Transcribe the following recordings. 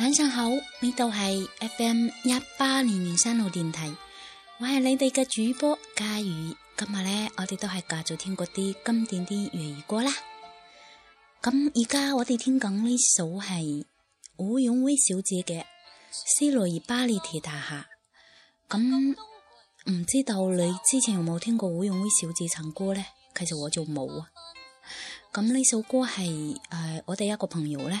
晚上好，呢度係 FM 一八年元山路電台，我係你哋嘅主播嘉宇。今日咧，我哋都係繼續聽嗰啲經典啲粵語歌啦。咁而家我哋聽緊呢首係伍詠薇小姐嘅《斯諾爾巴利鐵大廈》。咁唔知道你之前有冇聽過伍詠薇小姐唱歌咧？其實我就冇啊。咁呢首歌係誒、呃、我哋一個朋友咧。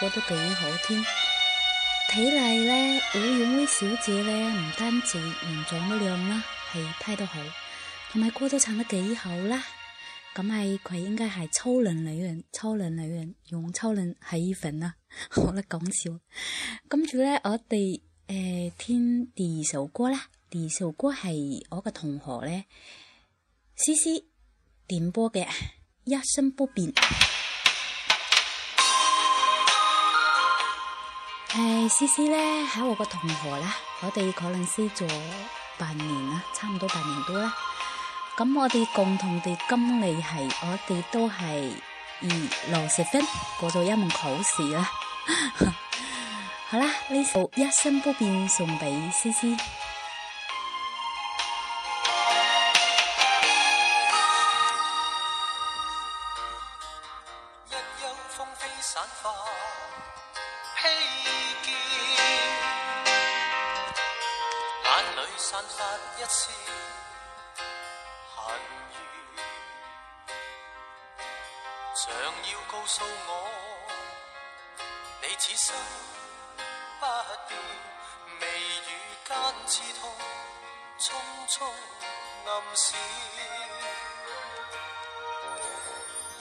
歌都幾好聽，睇嚟咧，李永威小姐咧唔單止唔長量得靚啦，氣派都好，同埋歌都唱得幾好啦。咁係佢應該係超人女人，超人女人用超人洗衣粉啦，好得講笑。跟住咧，我哋誒聽第二首歌啦，第二首歌係我嘅同學咧，詩詩點播嘅《一生不變》。誒思思咧，係我個同學啦，我哋可能識咗半年啦，差唔多半年多啦。咁我哋共同嘅經歷係，我哋都係以六十分過咗一門考試啦。 好啦，呢首一生不變送畀思思。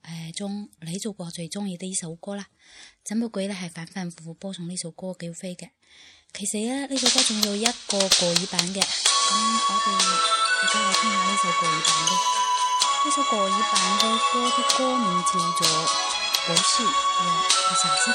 誒、呃，中你做過最中意的呢首歌啦，整部劇咧係反反復復播送呢首歌叫飛嘅。其實啊，呢首歌仲有一個國語版嘅，咁我哋而家嚟聽下呢首國語版嘅。呢首國語版嘅歌啲歌名叫做《首不是我不小心》。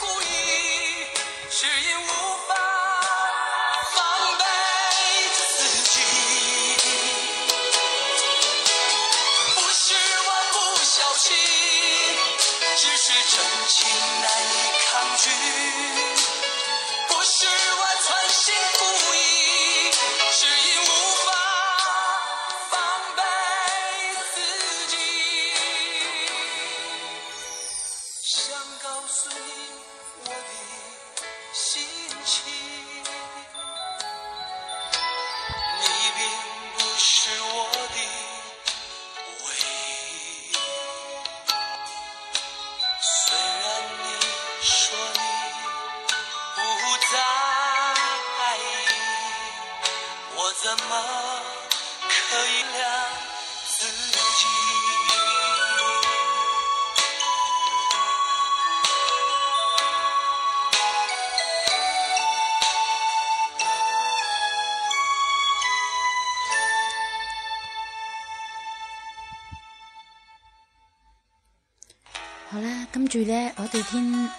跟住咧，我哋聽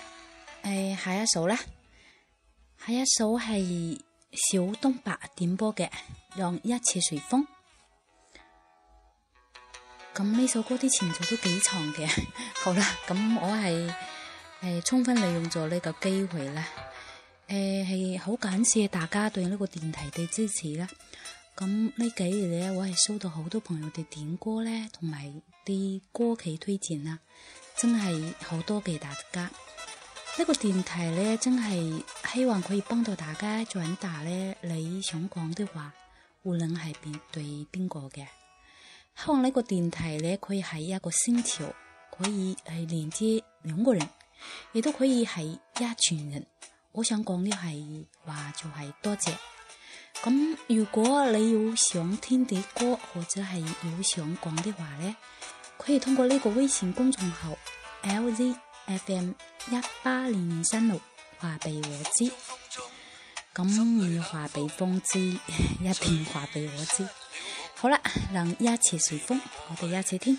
誒下一首啦，下一首係小東白點播嘅《讓一切隨風》。咁呢首歌啲前奏都幾長嘅。 好啦，咁我係誒、呃、充分利用咗呢個機會啦。誒、呃，係好感謝大家對呢個電台嘅支持啦。咁呢幾日咧，我係收到好多朋友哋點歌咧，同埋。啲歌企推薦啦，真係好多謝大家。呢、這個電台呢，真係希望可以幫到大家傳達呢，你想講的話，無論係邊對邊個嘅。希望呢個電台呢，可以係一個星橋，可以係連接兩個人，亦都可以係一群人。我想講的係話就係多謝。咁如果你有想聽啲歌或者係有想講的話呢。可以通過呢個微信公眾號 LZFM、嗯、一八零零三六話俾我知，咁要話俾風知，一定要話俾我知。好啦，讓一切隨風，我哋一齊聽。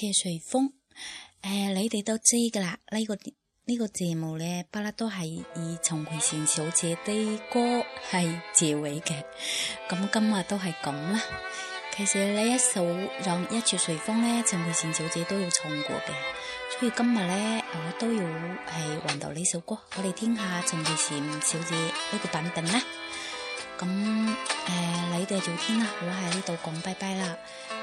《車隨風》呃，誒，你哋都知噶啦，呢、這個呢、這個節目咧，不啦，都係以陳慧嫻小姐啲歌係結尾嘅，咁、嗯、今日都係咁啦。其實呢一首《讓一切隨風》咧，陳慧嫻小姐都有唱過嘅，所以今日咧，我都要係運到呢首歌。我哋聽下陳慧嫻小姐呢個版本啦。咁、嗯、誒、呃，你哋就聽啦，我喺呢度講拜拜啦。